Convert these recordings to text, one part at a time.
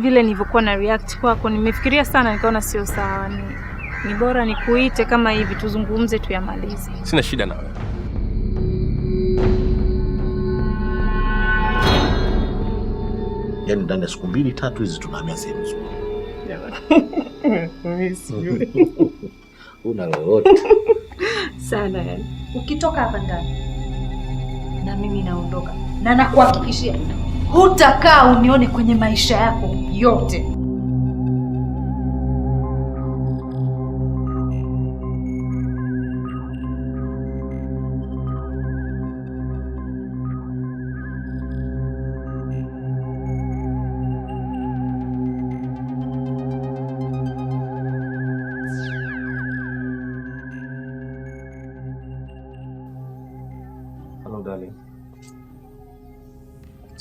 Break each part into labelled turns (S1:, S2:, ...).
S1: vile nilivyokuwa na react kwako, nimefikiria sana, nikaona sio sawa, ni, ni bora nikuite kama hivi tuzungumze, tuyamalize.
S2: Sina shida na wewe. Yaani ndani ya siku mbili tatu hizi tunahamia sehemu nzuri. Una lolote
S1: sana yani. Ukitoka hapa ndani na mimi naondoka na nakuhakikishia hutakaa unione kwenye maisha yako yote.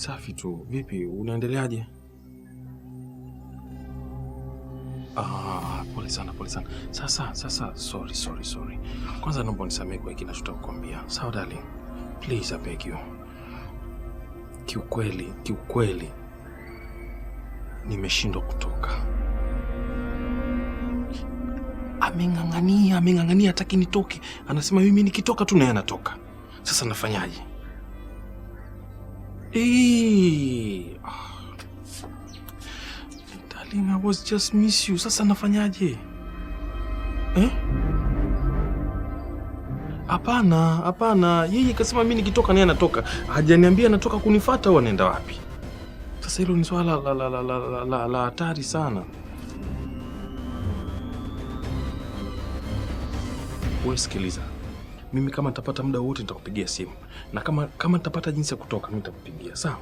S2: safi tu. Vipi, unaendeleaje? Ah, pole sana, pole sana. Sasa sasa, sorry, sorry, sorry. Kwanza naomba unisamehe kwa kile ninachokuambia. Sawa darling, please I beg you. Kiukweli, kiukweli nimeshindwa kutoka. Ameng'ang'ania, ameng'ang'ania, hataki nitoke. Anasema mimi nikitoka tu naye anatoka. Sasa nafanyaje? Hey. Oh. Darling, I was just miss you. Sasa nafanyaje? Eh? Hapana, hapana. Yeye kasema mimi nikitoka naye anatoka. Hajaniambia anatoka kunifata au anaenda wapi. Sasa hilo ni swala la la la la la la hatari sana. Wewe sikiliza. Mimi kama nitapata muda wote nitakupigia simu, na kama kama nitapata jinsi ya kutoka mimi nitakupigia. Sawa?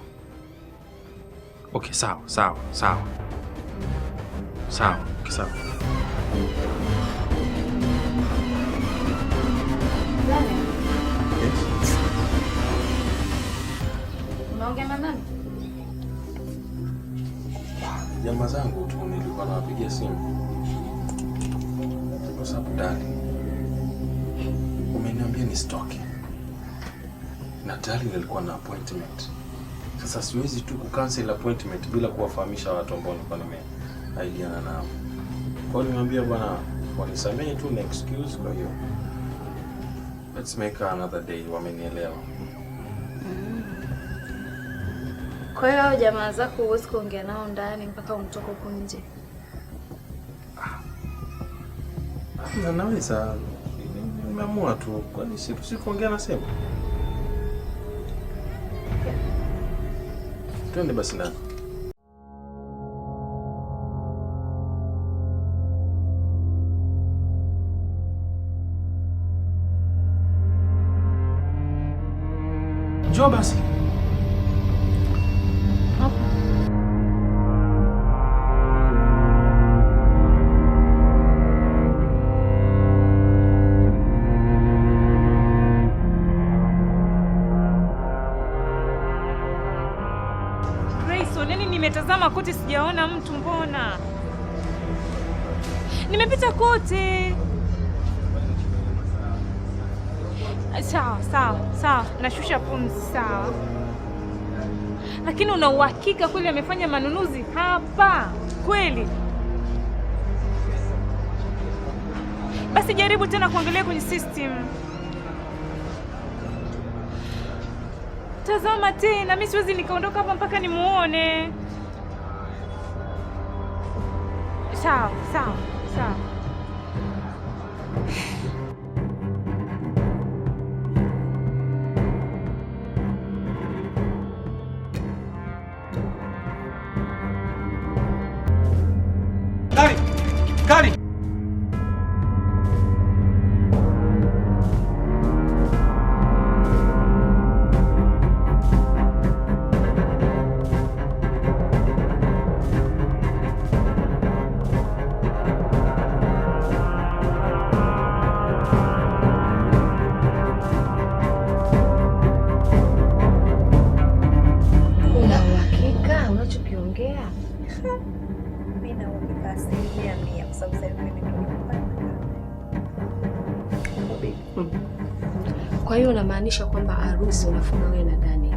S2: Okay, sawa sawa sawa sawa sawa. Jamaa zangu tu nilikuwa nawapigia simu ndani ameniambia nisitoke na tayari nilikuwa na appointment. Sasa siwezi tu kucancel appointment bila kuwafahamisha watu ambao nilikuwa nimeahidiana nao. Kwa hiyo nimeambia bwana, wanisamehe tu na excuse. Kwa hiyo let's make another day. Wamenielewa.
S1: Kwa hiyo jamaa zako huwezi kuongea nao ndani mpaka umtoke huko nje?
S2: Ah, naweza nimeamua tu, kwani si tusikuongea na sema. Twende basi na njoo basi.
S1: nimetazama kote, sijaona mtu. Mbona nimepita kote? Sawa sawa sawa, nashusha pumzi. Sawa, lakini una uhakika kweli amefanya manunuzi hapa kweli? Basi jaribu tena kuangalia kwenye system. Tazama tena, mimi siwezi nikaondoka hapa mpaka nimuone. Sağ ol, sağ sababu sasa
S3: Kwa hiyo unamaanisha kwamba harusi unafunga wewe na Dani?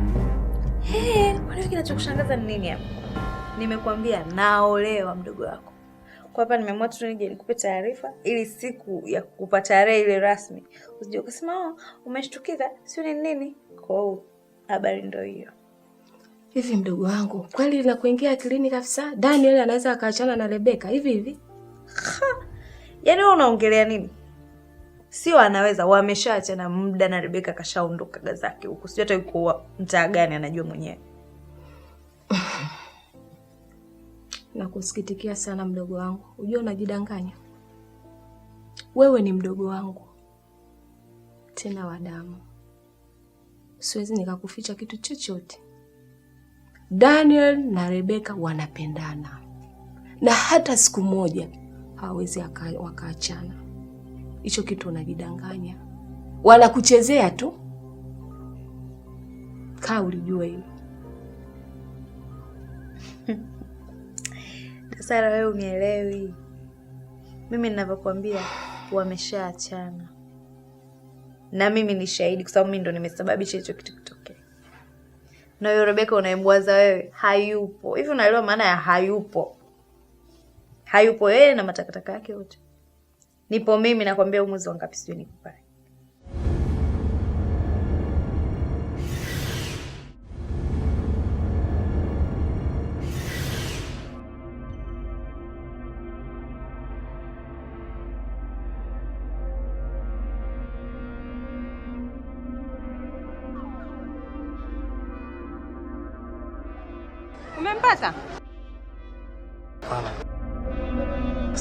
S1: Hey, kwani kinachokushangaza ni nini hapo? Nimekuambia naolewa mdogo wako. Kwa hapa nimeamua tu nije nikupe taarifa ili siku ya kukupa tarehe ile rasmi usije ukasema oh, umeshtukiza, sio ni nini. Kwa hiyo habari ndio hiyo.
S3: Hivi mdogo wangu, kweli linakuingia akilini kabisa Daniel anaweza akaachana na Rebeka hivi hivi?
S1: Yaani wewe unaongelea nini? Sio anaweza, wameshaachana muda na Rebeka kashaondoka gazake zake huko, sio hata yuko mtaa gani anajua mwenyewe.
S3: Nakusikitikia sana mdogo wangu, unajua unajidanganya. Wewe ni mdogo wangu tena wa damu, siwezi nikakuficha kitu chochote. Daniel na Rebeka wanapendana na hata siku moja hawezi wakaachana. Hicho kitu unajidanganya, wanakuchezea tu. Kaa ulijua hilo.
S1: Dasara, wewe unielewi mimi ninavyokuambia, wameshaachana na mimi ni shahidi, kwa sababu mimi ndo nimesababisha hicho kitu kitokee. Na huyo Rebeka unayemwaza wewe hayupo. Hivi unaelewa maana ya hayupo? hayupo yeye na matakataka yake yote, nipo mimi. Nakwambia umwezi mwezi wangapi sijui nikupae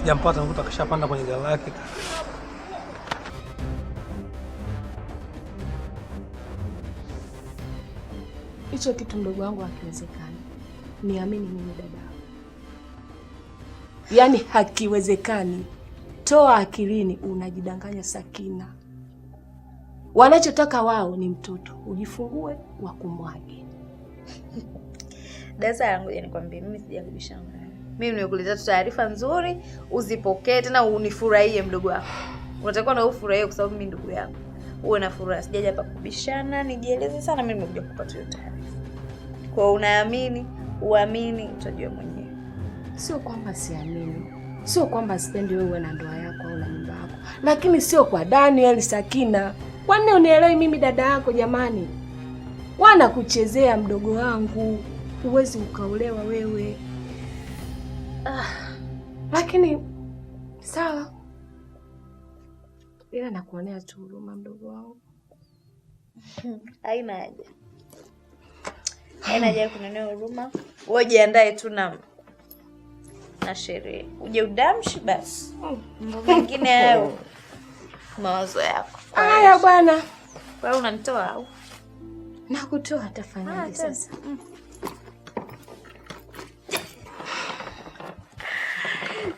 S2: sijampata, nakuta kashapanda kwenye gari lake.
S3: Hicho kitu mdogo wangu hakiwezekani, niamini mimi dada, yaani hakiwezekani. Toa akilini, unajidanganya Sakina. Wanachotaka wao ni mtoto ujifungue, wakumwage.
S1: Dasa yangu, yaani nikwambie mimi sijakubishana mimi nimekuletea tu taarifa nzuri, uzipokee tena unifurahie. Mdogo wako unatakiwa na ufurahie, kwa sababu mimi ndugu yako, uwe na furaha. Sijaja hapa kubishana, nijieleze sana. Mimi nimekuja kupata hiyo taarifa. Kwa unaamini uamini, utajua mwenyewe.
S3: Sio kwamba siamini, sio kwamba sipendi wewe uwe na ndoa yako au na nyumba yako, lakini sio kwa Daniel. Sakina, kwa nini unielewi mimi dada yako? Jamani, wana kuchezea mdogo wangu, huwezi ukaolewa wewe. Ah, lakini sawa, ila nakuonea tu huruma mdogo wangu.
S1: Haina haja, haina haja ya kunionea huruma. Wewe jiandae tu na na sherehe, uje udamshi basi, mambo mengine hayo mawazo yako.
S3: Haya bwana,
S1: wewe unanitoa au
S3: nakutoa? Tafanyaje ah, sasa? Mm.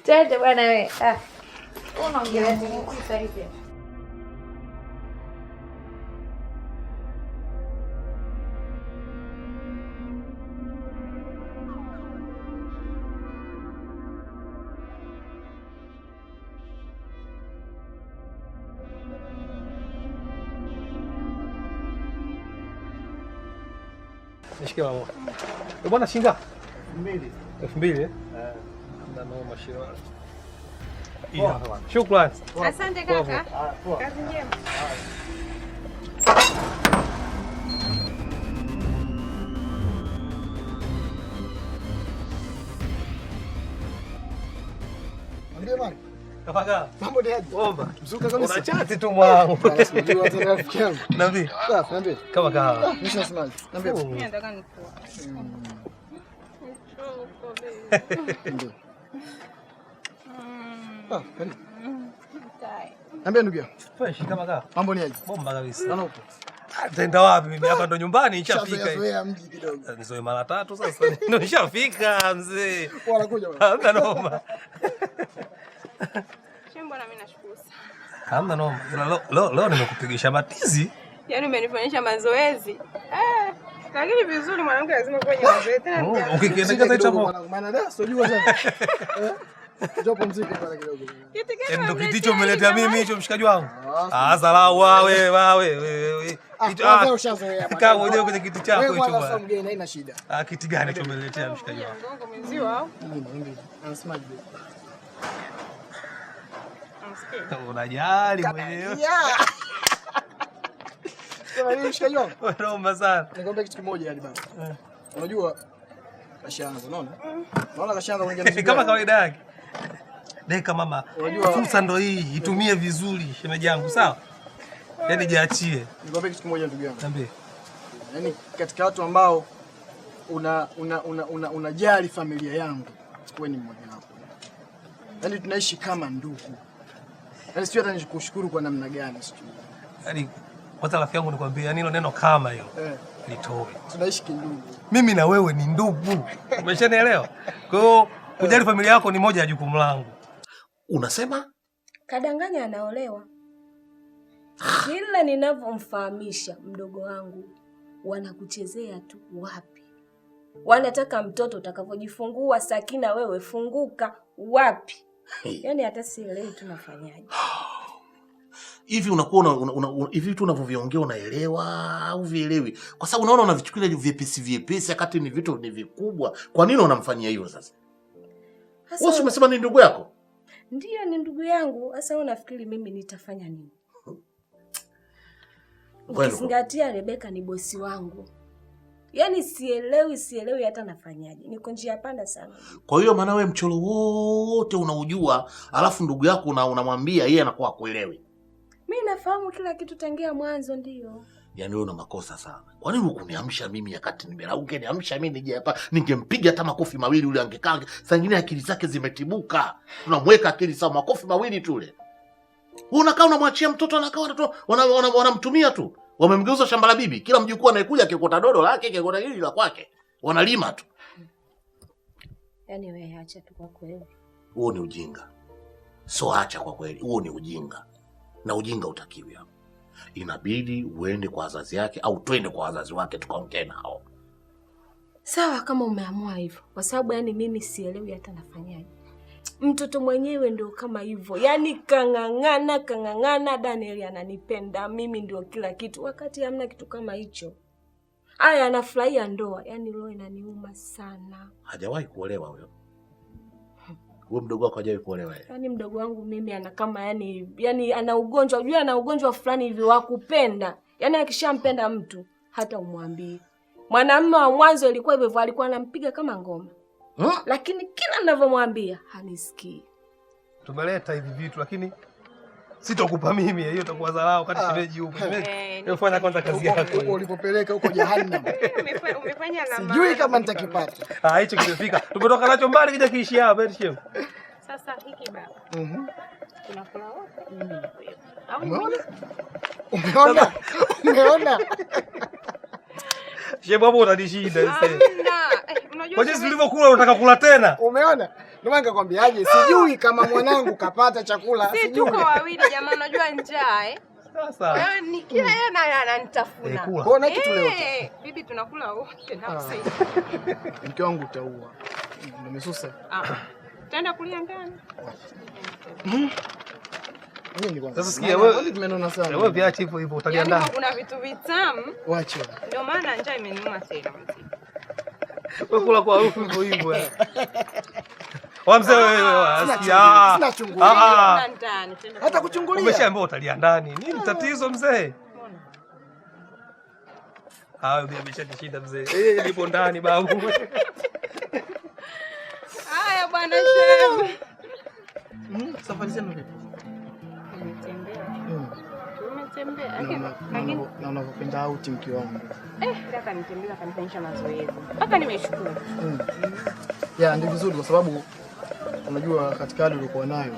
S1: Twende bwana wewe. Ah. Unaongea nini huko karibu?
S2: Nishike mama. Bwana Shukrani.
S1: Asante kaka. Kazi njema.
S4: Ah, ndugu yangu.
S2: Fresh kama Mambo ni aje? Bomba kabisa. Ah, wapi mimi? Hapa ndo nyumbani nishafika. mji kidogo. Ah, mara tatu sasa. Ndio nishafika mzee. Wala kuja Hamna noma.
S1: Shembo na mimi nashukuru
S2: sana. Hamna noma. Leo leo nimekupigisha matizi.
S1: Yaani umenifanyisha mazoezi. Eh, lakini vizuri mwanamke lazima kufanya mazoezi
S2: tena. Oh, Ukikienda Maana sana. Eh? Yaani ndio kiticho umeletea mimi hicho mshikaji wangu. Ah, ah salau wawe wawe ah, wewe. Kaa ah, wewe kwenye kiti chako hicho bwana. Mgeni haina shida. Ah, kiti gani hicho umeletea mshikaji wangu? Unajali mwenyewe.
S4: Mshikaji wangu.
S2: Naomba sana.
S4: Nikwambia kitu kimoja yani bana. Eh. Unajua kashanza unaona? Mm. Unaona kashanza
S2: kama kawaida yake. Deka mama, fursa ndo hii, itumie vizuri shemeji yangu, sawa? Yaani jiachie.
S4: Nikwambie kitu kimoja ndugu yangu. Niambie. Yaani katika watu ambao unajari unajali una, una, una familia yangu wewe ni mmoja wapo. Yaani tunaishi kama ndugu. Yaani sio hata nikushukuru kwa namna gani sijui.
S2: Yaani hata rafiki yangu nikwambie, yaani hilo neno kama hiyo eh,
S4: Tunaishi kindugu.
S2: Mimi na wewe ni ndugu. Umeshanielewa? Kwa hiyo Kujali familia yako ni moja ya jukumu langu. Unasema
S3: kadanganya anaolewa? Kila ninavyomfahamisha mdogo wangu, wanakuchezea tu. Wapi wanataka mtoto utakavyojifungua, Sakina wewe funguka. Wapi yaani hata sielewi tunafanyaje
S2: hivi unakuwa hivi una, una, vitu unavyoviongea unaelewa au vielewi? Kwa sababu unaona unavichukulia vyepesi vyepesi, akati ni vitu ni vikubwa. Kwa nini unamfanyia hivyo sasa? Wewe umesema ni ndugu yako?
S3: Ndiyo, ni ndugu yangu. Sasa wewe unafikiri mimi nitafanya nini? Ukizingatia Rebeka ni bosi wangu. Yaani sielewi, sielewi hata nafanyaje. Niko njia panda sana.
S2: Kwa hiyo maana wewe mchoro wote unaujua, alafu ndugu yako unamwambia, yeye anakuwa akuelewi
S3: Mimi nafahamu kila kitu tangia mwanzo, ndiyo.
S2: Yaani wewe una makosa sana. Kwa nini hukuniamsha mimi wakati nimerauka? Niamsha mimi nije hapa, ningempiga hata makofi mawili yule angekaa. Saa nyingine akili zake zimetibuka. Tunamweka akili sawa, makofi mawili tu ile. unakaa unamwachia mtoto anakaa watoto wanamtumia tu. Wamemgeuza shamba la bibi. Kila mjukuu anayekuja akikota dodo lake, akikota hili la kwake. Wanalima tu.
S3: Yani wewe acha tu kwa kweli.
S2: Huo ni ujinga. So acha kwa kweli. Huo ni ujinga. Na ujinga utakiwi hapo inabidi uende kwa wazazi yake au twende kwa wazazi wake tukaongee nao.
S3: Sawa, kama umeamua hivyo, kwa sababu yani mimi sielewi hata nafanyaje. Mtoto mwenyewe ndio kama hivyo, yani kang'ang'ana kang'ang'ana, Daniel ananipenda mimi, ndio kila kitu, wakati hamna kitu kama hicho. Aya, anafurahia ndoa, yani roho inaniuma sana.
S2: Hajawahi kuolewa huyo? Wewe mdogo wako hajawahi kuolewa yeye.
S3: Yaani mdogo wangu mimi ana kama yani yani ana ugonjwa, unajua ana ugonjwa fulani hivi wa kupenda. Yaani akishampenda mtu hata umwambie. Mwanamume wa mwanzo ilikuwa hivyo hivyo alikuwa anampiga kama ngoma. Huh? Lakini kila ninavyomwambia hanisikii.
S2: Tumeleta hivi vitu lakini Sitokupa mimi hiyo, itakuwa dharau kati shemeji ah. huko. Eh, yaani, eh, Fanya kwanza kazi
S4: yako ulipopeleka huko jehanamu. Umefanya namba. Sijui kama nitakipata.
S2: Ah, hicho kimefika. Tumetoka nacho mbali kija kiishi hapa eti shemeji.
S1: Sasa hiki baba. Mhm. Kuna flower. Mm-hmm.
S4: Au umeona? Umeona?
S2: Shemeji hapo utanishinda sasa. Eh, unajua. Kwa jinsi ulivyokula unataka kula tena.
S4: Umeona? Ndio maana nikakwambiaje, sijui kama mwanangu kapata chakula.
S1: Si tuko wawili jamaa, unajua njaa eh. Sasa eh, kila yeye ananitafuna. kitu leo? Eh, bibi tunakula wote na ah.
S4: Mke wangu utaua. Nimesusa. Ah.
S1: Tutaenda kulia ndani. Hmm?
S2: Sasa sikia yaani, wewe, tumenona sana. Wewe viache hivyo hivyo yaani
S1: Kuna vitu vitamu. Wacha. Ndio maana njaa imeniuma sana.
S2: Wewe kula kwa harufu hivyo hivyo. Eh. Wamzee
S4: hata kuchungulia.
S2: Umeshaambiwa utalia ndani. Nini ah. tatizo mzee? Hayo ah, ameshatishinda mzee. Eh, eh, nipo ndani babu.
S1: Haya bwana shehe.
S4: Mm, safari zenu vipi? Hmm. na unavyopenda auti mke wangu.
S1: Eh, kaka nitembea kanifanyisha mazoezi. Mpaka nimeshukuru. Hmm.
S4: Ya, ndio vizuri kwa sababu unajua katika hali uliokuwa nayo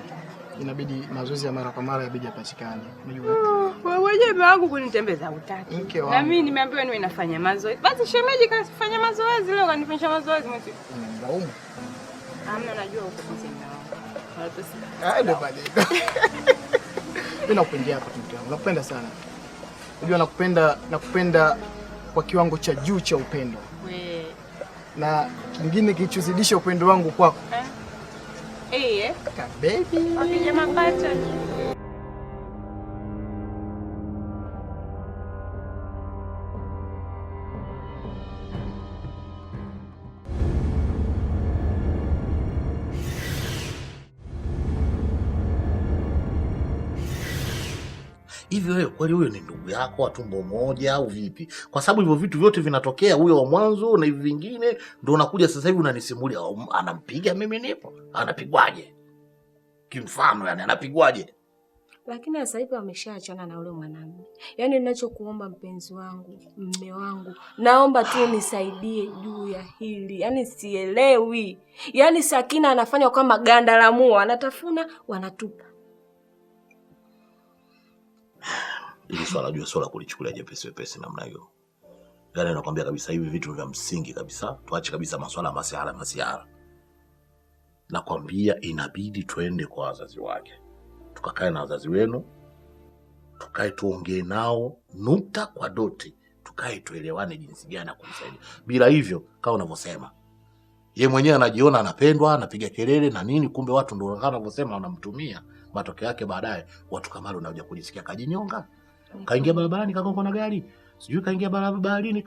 S4: inabidi mazoezi ya mara kwa mara yabidi yapatikane. Unajua oh,
S1: Wewe mume wangu kunitembeza utaki. Mke wangu. Na mimi nimeambiwa niwe nafanya mazoezi. Basi shemeji kafanya mazoezi leo kanifanyisha mazoezi mwezi. Mlaumu. Mm, Amna najua uko mzima.
S4: Ah, ndio baadaye. Mimi nakupendea hapa mtu wangu. Nakupenda sana. Unajua nakupenda nakupenda kwa kiwango cha juu cha upendo. We. Na kingine kilichozidisha upendo wangu kwako. Eh? E. Baby.
S1: Oke, jamak pacar.
S2: hivi wewe kweli huyo ni ndugu yako wa tumbo moja au vipi? Kwa sababu hivyo vitu vyote vinatokea, huyo wa mwanzo na hivi vingine, ndo unakuja sasa hivi unanisimulia oh, anampiga mimi, nipo anapigwaje? Kimfano yani anapigwaje?
S3: Lakini sasa hivi wameshaachana na ule mwanamume. Yaani, ninachokuomba mpenzi wangu, mme wangu, naomba tu nisaidie juu ya hili. Yaani sielewi, yaani Sakina anafanya kama ganda la mua, anatafuna wanatupa
S2: ili swala jua swala kulichukulia jepesi wepesi namna hiyo. Yaani anakuambia kabisa hivi vitu vya msingi kabisa, tuache kabisa maswala ya masihara masihara. Nakwambia inabidi twende kwa wazazi wake, tukakae na wazazi wenu, tukae tuongee nao nukta kwa doti, tukae tuelewane jinsi gani ya kumsaidia. Bila hivyo, kama unavyosema ye mwenyewe anajiona anapendwa, anapiga kelele na nini, kumbe watu ndio wanavyosema wanamtumia. Matokeo yake baadaye watu kama wale unakuja kujisikia kajinyonga kaingia barabarani kagongwa na gari, sijui kaingia barabarini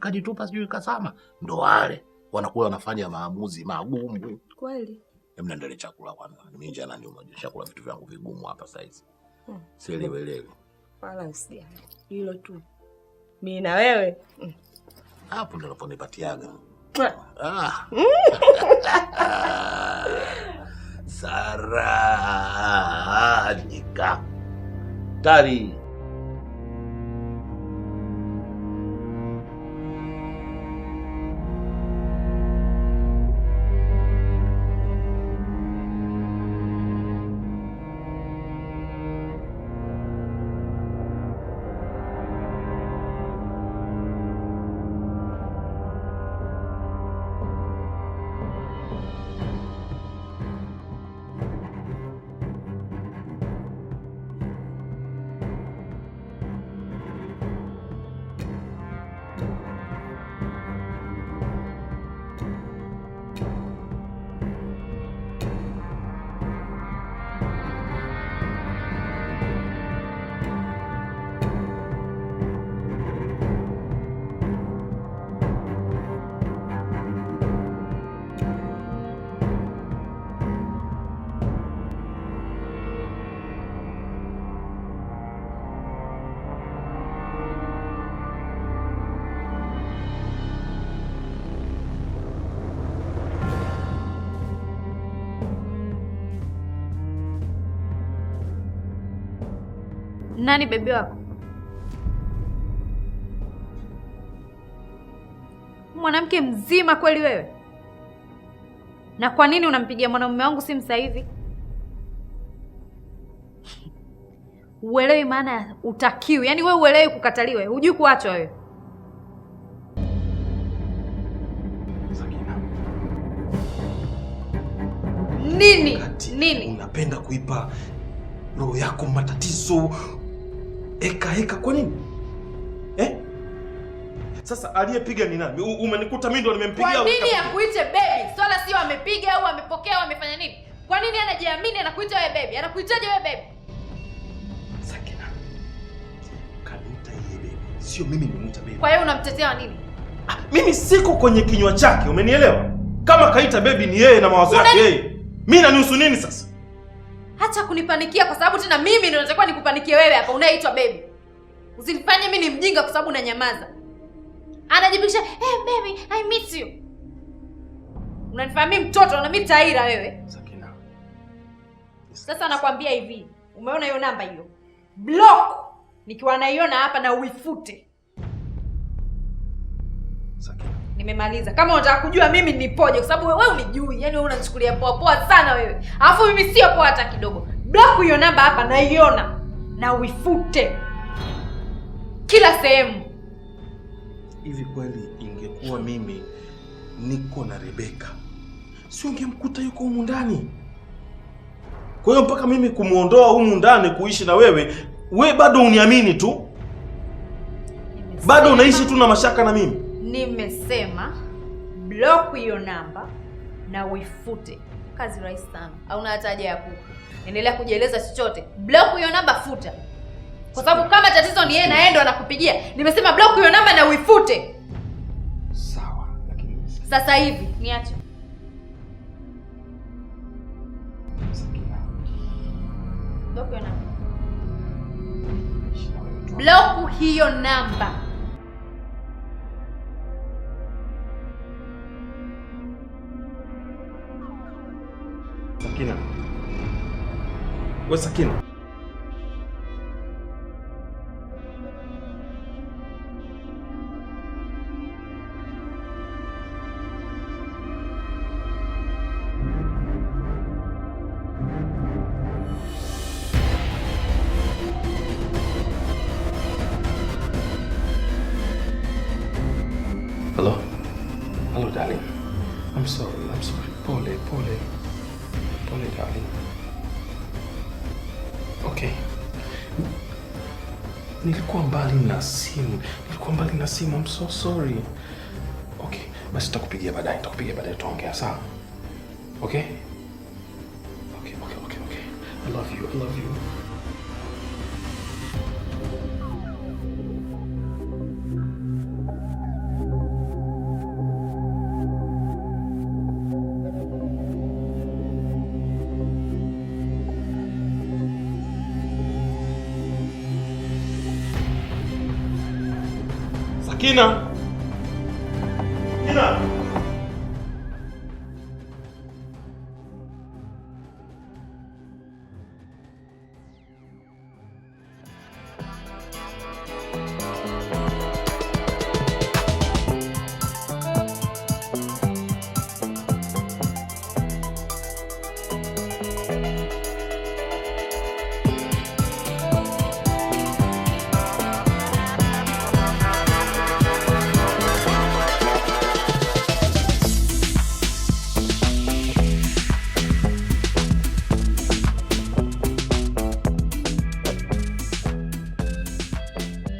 S2: kajitupa, sijui kasama. Ndo wale wanakuwa wanafanya maamuzi magumu kweli. Mnaendele chakula kwanza, mimi njana ndio chakula, vitu vyangu vigumu hapa saizi hmm. Sielewelewi
S1: wala usijali hilo tu, mimi na wewe hmm.
S2: hapo ndo naponipatiaga ah. Sarajika tari
S1: Nani bebi wako? Mwanamke mzima kweli wewe? Na kwa nini unampigia mwanamume wangu simu sasa hivi? Uelewi maana ya utakiwi, yaani wewe uelewi kukataliwa, hujui kuachwa wewe. Nini? Nini?
S2: Unapenda kuipa roho yako matatizo Heka heka kwa nini? Eh? Sasa aliyepiga ni nani? Umenikuta mimi ndo nimempigia.
S1: Kwa nini akuite baby? Swala sio amepiga au amepokea au amefanya nini? Kwa nini anajiamini anakuita wewe baby? Anakuitaje wewe baby?
S2: Sakina. Kaniita yeye baby. Sio mimi nimemuita baby.
S1: Kwa hiyo unamtetea nini?
S2: Ah, mimi siko kwenye kinywa chake, umenielewa? Kama kaita baby ni yeye na mawazo yake yeye. Mimi nanihusu nini sasa?
S1: Hacha kunipanikia kwa sababu tena mimi ndio natakiwa nikupanikie wewe hapa unayeitwa baby. Usinifanye mimi ni mjinga kwa sababu unanyamaza. Anajibisha, "Hey eh, baby, I miss you." Unanifahamia mtoto na mimi taira wewe. Sakina. Sasa nakwambia hivi, umeona hiyo namba hiyo? Block nikiwa naiona hapa na uifute. Sakina. Nimemaliza. Kama unataka kujua mimi nipoje, kwa sababu wewe unijui, yani wewe unachukulia poa poa sana wewe, alafu mimi sio poa hata kidogo. Block hiyo namba hapa, naiona na uifute kila sehemu.
S2: Hivi kweli ingekuwa mimi niko na Rebeka, si ungemkuta yuko humu ndani? Kwa hiyo mpaka mimi kumwondoa humu ndani kuishi na wewe, we bado uniamini tu, bado unaishi tu na mashaka na mimi
S1: Nimesema block hiyo namba na uifute. Kazi rahisi sana, hauna hata haja ya kuendelea kujieleza chochote. Block hiyo namba, futa, kwa sababu kama tatizo ni yeye na yeye ndo anakupigia. Nimesema block hiyo namba na uifute.
S2: Sawa, lakini
S1: sasa hivi niache block hiyo namba.
S2: What's O Sakina Hello? Hello, darling. I'm sorry. I'm sorry. Pole, Pole. don't need that either. Okay. Nilikuwa mbali na simu. Nilikuwa mbali na simu. I'm so sorry. Okay. Basi nitakupigia baadaye. Nitakupigia baadaye tuongea sawa? Okay? Okay, okay, okay, okay. I love you. I love you. Tina! Tina!